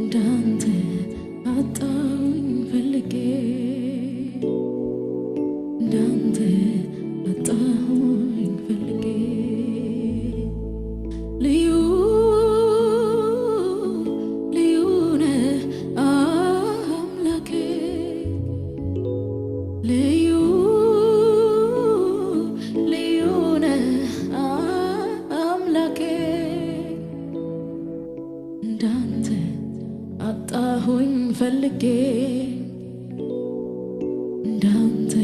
እንዳንተ አጣሁኝ ፈልጌ እንዳንተ አጣሁኝ ፈልጌ አድርጌ እንዳንተ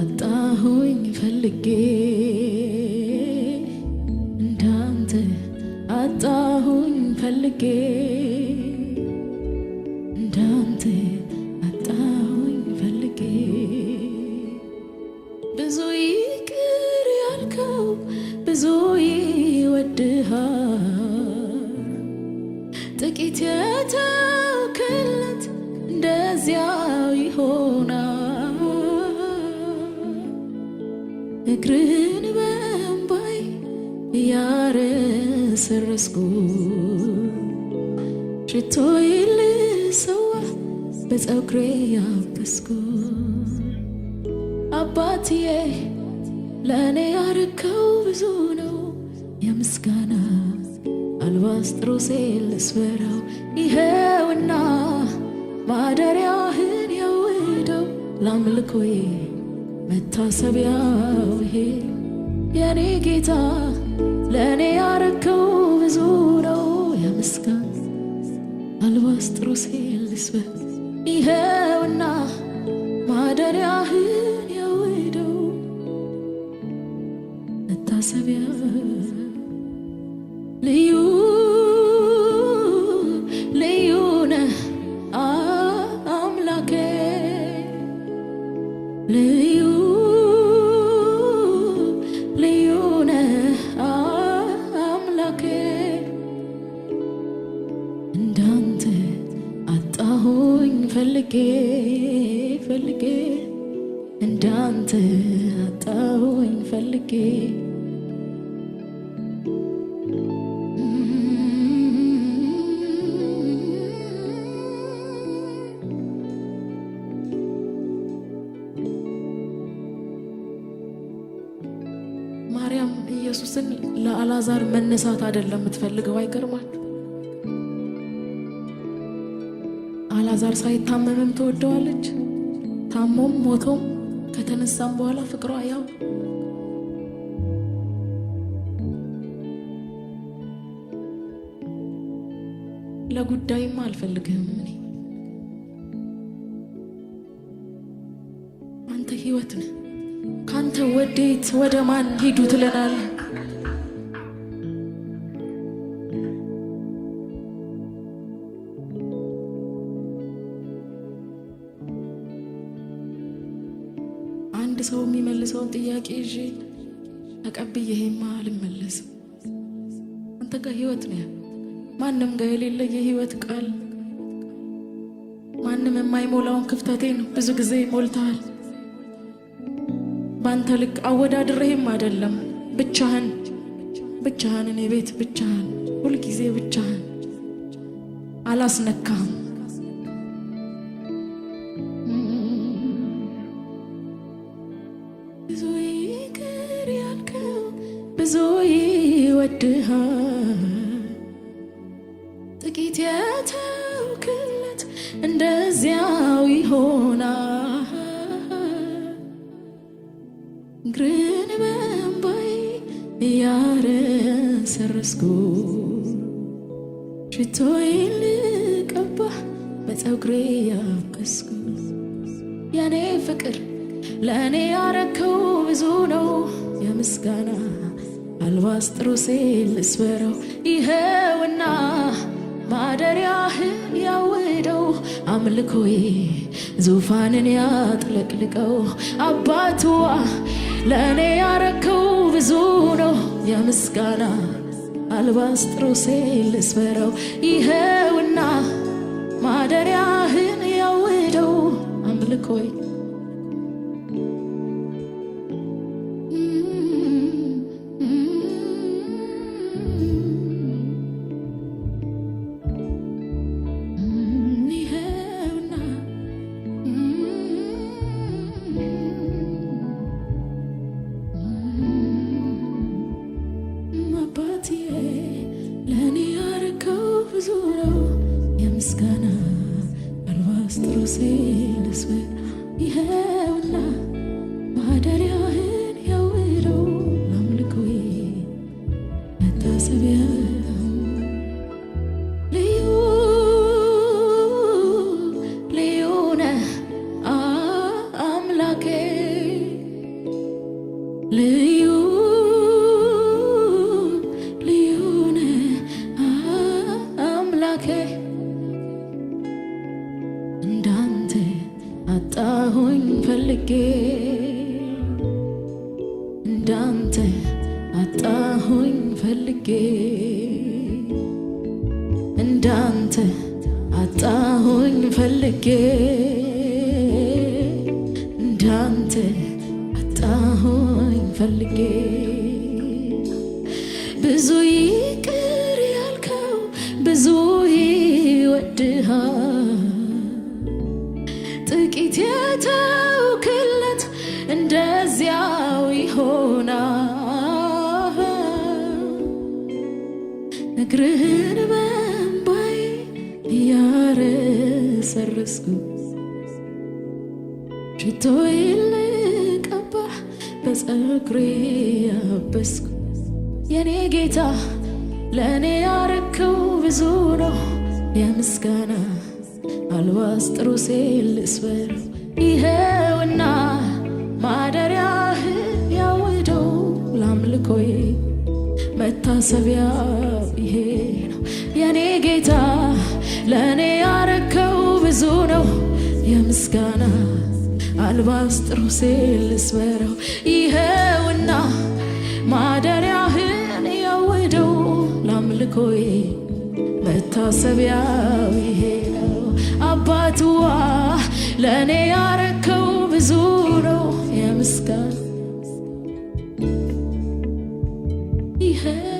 አጣሁኝ ፈልጌ እንዳንተ አጣሁኝ ፈልጌ እንዳንተ እግርን በእምባይ እያረሰረስኩ ሽቶዬ ልሰዋ በፀጉሬ ያበስኩ አባትዬ ለእኔ ያረከው ብዙ ነው የምስጋና አልባስጥሮሴ ልስበራው ይኸውና ማደሪያህን የውደው ላምልኮዬ መታሰቢያው ይሄ የኔ ጌታ ለእኔ ያረከው ብዙ ነው። የምስጋና አልባስጥሮሴ ልስበት ይኸውና ማደሪያህን የወይደው መታሰቢያ ልዩ ፈልጌ ፈልጌ እንዳንተ አጣሁኝ ፈልጌ ማርያም ኢየሱስን ለአላዛር መነሳት አይደለም የምትፈልገው አይገርማል አላዛር ሳይታመምም ትወደዋለች። ታሞም ሞቶም ከተነሳም በኋላ ፍቅሯ ያው ለጉዳይማ አልፈልግህም እኔ አንተ ህይወት ነህ። ካንተ ወዴት ወደ ማን ሂዱ ትለናለህ? የማነሳውን ጥያቄ እ ተቀብዬ ይሄማ አልመለስም። አንተ ጋር ህይወት ነው ማንም ጋር የሌለ የህይወት ቃል ማንም የማይሞላውን ክፍተቴን ብዙ ጊዜ ይሞልተሃል። በአንተ ልክ አወዳድሬህም አይደለም። ብቻህን ብቻህን፣ እኔ ቤት ብቻህን፣ ሁልጊዜ ብቻህን አላስነካህም። ብዙ ይቅር ያልከው ብዙ ይወድሃል ጥቂት የተውክለት እንደዚያው ይሆናል። እግርን በእምባዬ እያረሰርስኩ ሽቶዬን ልቀባህ በፀጉሬ ያበስኩ የኔ ፍቅር ለእኔ ያረከው ብዙ ነው። የምስጋና አልባስጥሮሴ ልስበረው ይኸውና ማደሪያህን ያውደው አምልኮዬ ዙፋንን ያጥለቅልቀው አባቱዋ ለእኔ ያረከው ብዙ ነው። የምስጋና አልባስጥሮሴ ልስበረው ይኸውና ማደሪያህን ያውደው አምልኮዬ መታሰቢያ ልዩ ልዩ ነህ አምላኬ ልዩ ፈልጌ እንዳንተ አጣሁኝ ፈልጌ እንዳንተ አጣሁኝ ፈልጌ እንዳንተ አጣሁኝ ፈልጌ ብዙ ይቅር ያልከው ብዙ ይወድሃል እግርህን በእምባዬ እያረሰረስኩ! ሽቶዬ ልቀባህ በጸጉሬ ያበስኩ የኔ ጌታ ለእኔ ያረከው ብዙ ነው የምስጋና አልባስጥሮሴ ልስበር ይኸውና ማደሪያህ ያውደው ላምልኮዬ መታሰቢያ ይሄ ነው የኔ ጌታ ለእኔ ያረከው ብዙ ነው። የምስጋና አልባስጥሮሴ ልስበረው ይኸውና ማደሪያህን የወደው ላምልኮዬ መታሰቢያ ይሄ ነው አባትዋ ለእኔ ያረከው ብዙ ነው የምስጋና hand.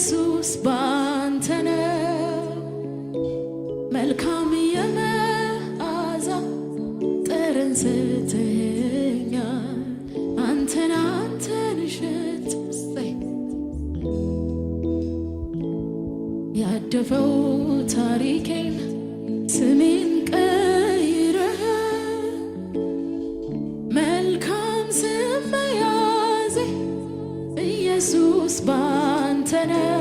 ኢየሱስ ባንተ ነው መልካም የመዓዛ ጠረን ስትኛ አንተን አንተን እሸት ያደፈው ታሪኬን sene